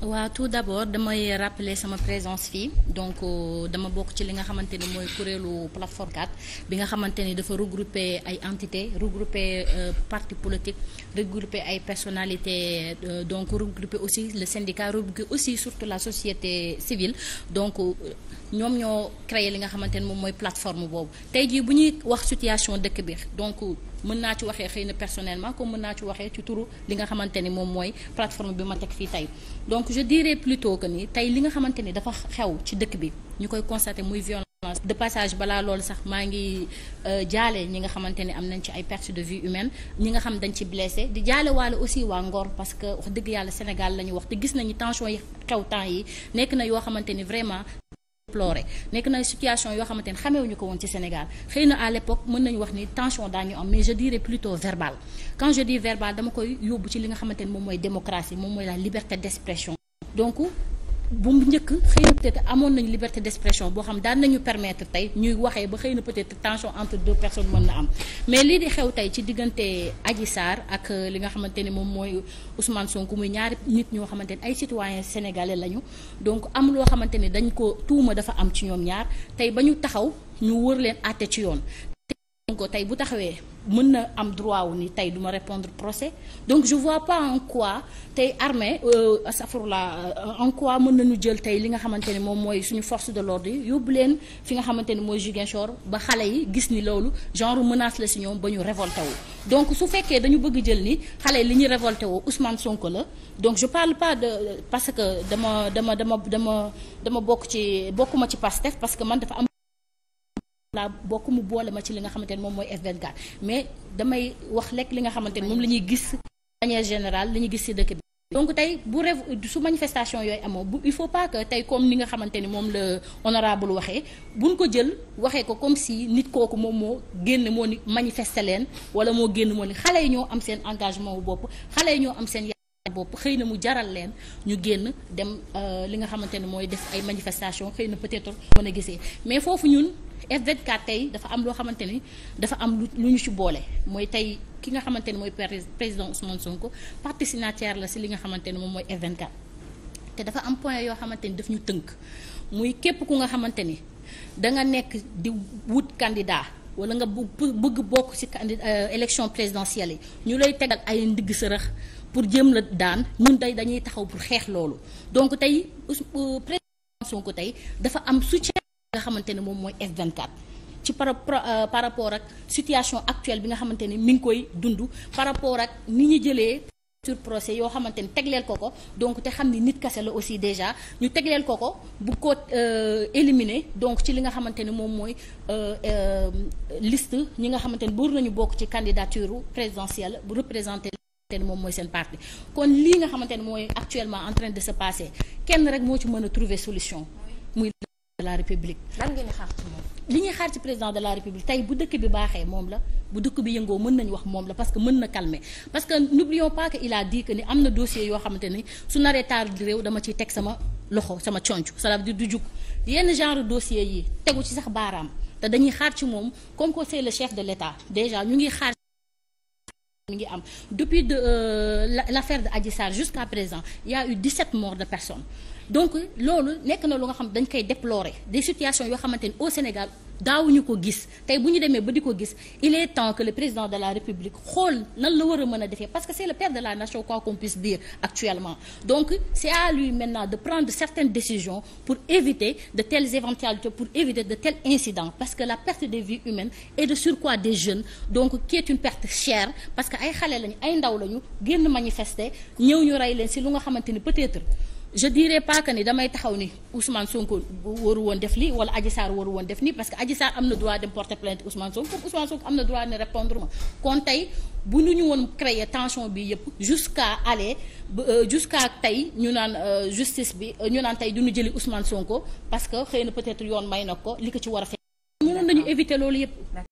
waa tout d'abord damay rappeler sama présence fii donc euh, dama bokk ci li nga xamante ni mooy kuréelu plateforme 4 bi nga xamante ni dafa regrouper ay entités regrouper euh, parti politique regrouper ay personnalités euh, donc regrouper aussi le syndicat regrouper aussi surtout la société civile donc ñoom ñoo créer li nga xamante ni moom mooy plateforme boobu tey jii bu ñuy wax situation dëkk bi donc mën naa ci waxee xëy na personnellement comme mën naa ci waxee ci turu li nga xamante ni moom mooy plateforme bi ma teg fii tey donc je dirais plutôt que ni tey li nga xamante ni dafa xew ci dëkk bi ñu koy constater muy violence de passage balaa lool sax maa ngi euh, jaale ñi nga xamante ni am nañ ci ay perce de vie humaine ñi nga xam dañ ci blessé di jaale waale aussi waa Ngor parce que wax dëgg yàlla Sénégal la ñu wax te gis nañu tension yi xew temps yi nekk na yoo xamante ni vraiment ploré nekk na situation yoo xamante ne xamewuñu ko woon ci Sénégal xëy na à l'époque mën nañu wax ni tension daañu am mais je dirais plutôt verbal quand je dis verbal dama koy yóbbu ci li nga xamante ne moom mooy démocratie moom mooy la liberté d'expression donc bu mu njëkk xëy na peut-être amoon nañu liberté d'expression boo xam daan nañu permettre tey ñuy waxee ba xëy na peut-être tension entre deux personnes mën na am mais lii di xew tey ci diggante Adji Sarr ak euh, li nga xamante ne moom mooy Ousmane Sonko muy ñaari nit ñoo xamante ne ay citoyens sénégalais lañu donc am loo xamante ne dañ ko tuuma dafa am ci ñoom ñaar tey ba ñu taxaw ñu wër leen àtte ci yoon Sonko tey bu taxawee mën na am droit wu ni tey du ma répondre procès donc je vois pas en quoi tey armée euh, astaghfirullah euh, en quoi mën nañu jël tey li nga xamante ne moom mooy suñu force de l'ordre yi yóbbu leen fi nga xamante ne mooy Ziguinchor ba xale yi gis ni loolu genre menace la si ñoom ba ñu révolté wu donc su fekkee dañu bëgg jël ni xale yi li ñuy révolté wu Ousmane Sonko la donc je parle pas de parce que dama dama dama dama bokk ci bokkuma ci Pastef parce que laa bokk mu boole ma ci li nga xamante ne moom mooy F24 mais damay wax lekk li nga xamante ne moom la ñuy gis manière générale li gis ci dëkk bi donc tey bu rev su manifestation yooyu amoo bu il faut tey comme ni nga xamante ni moom la honorable waxee buñ ko jël waxee ko comme si nit kooku moom moo génne moo ni manifester leen wala moo génn moo ni xale yi ñoo am seen engagement wu bopp xale yi ñoo am seen yaay bopp xëy na mu jaral leen ñu génn dem euh, li nga xamante ne mooy def ay manifestation xëy na peut-être mën a gisee mais foofu ñun F24 tey dafa am loo xamante ni dafa am lu ñu ci boole mooy tey ki nga xamante ni mooy président Ousmane Sonko partie signataire la si li nga xamante ni moom mooy F24. te dafa am point yoo xamante ni daf ñu tënk muy képp ku nga xamante ni danga nekk di wut kandidaa wala nga bëgg bokk si candidat euh, élection présidentielle yi ñu lay tegal ay ndigg sërëx pour jëm la daan ñun tey dañuy taxaw pour xeex loolu donc tey euh, président Sonko tey dafa am soutien nga xamante ne moom mooy F24 ci par euh, par rapport ak situation actuelle bi nga xamante ne mi ngi koy dund par rapport ak ni ñu jëlee sur procès yoo xamante ni tegleel ko ko donc te xam ni nit kase la aussi déjà ñu tegleel ko ko bu ko euh, éliminer donc ci li nga xamante ni moom mooy euh, liste ñi nga xamante ni buur nañu bokk ci candidature présidentielle bu représenter te moom mooy seen parti kon lii nga xamante ne mooy actuellement en train de se passer kenn rek moo ci mën a trouver solution de la république. lan ngeen di xaar ci moom. li ñuy xaar ci président de la république tey bu dëkk bi baaxee moom la bu dëkk bi yëngoo mën nañu wax moom la parce que mën na calmer parce que n'oublions pas que il a dit ni am na dossier yoo xamante ni su naree taal di réew dama ciy teg sama loxo sama conc ça veut dire du jug yenn genre dossier yi tegu ci sax baaraam te dañuy xaar ci moom comme que c'est le chef de l'État déjà ñu ngi xaar. li ngi am depuis de euh, l'affaire de Adji Sarr jusqu'à présent ya y a eu 17 morts de personnes donc loolu nekk na lu nga xam dañ koy déplorer des situation yoo xamante ni au Sénégal daawuñu ko gis tey bu ñu demee ba di ko gis il est temps que le président de la république xool nan la war a mën a defee parce que c' est le père de la nation quoi qu'on puisse dire actuellement donc c' est à lui maintenant de prendre certaines décisions pour éviter de telles éventualités pour éviter de tels incidents parce que la perte des vies humaines et de surcroît des jeunes donc qui est une perte chère parce que ay xale lañu ay ndaw lañu génn manifester ñëw ñu rey leen si lu nga xamante ni peut-être je dirais pas que ni damay taxaw ni Ousmane Sonko waru woon def lii wala Adji Sarr waru woon def nii parce que Adji am na droit dem porter plainte Ousmane Sonko comme Ousmane Sonko am na droit ne répondre ma kon tey bu ñu ñu woon créer tension bi yëpp jusqu'à aller euh, jusqu'à tey ñu naan euh, justice bi euh, ñu naan tey du nu jëli Ousmane Sonko parce que xëy na peut-être yoon may na ko li ko ci war a fekk mënoon nañu éviter loolu yëpp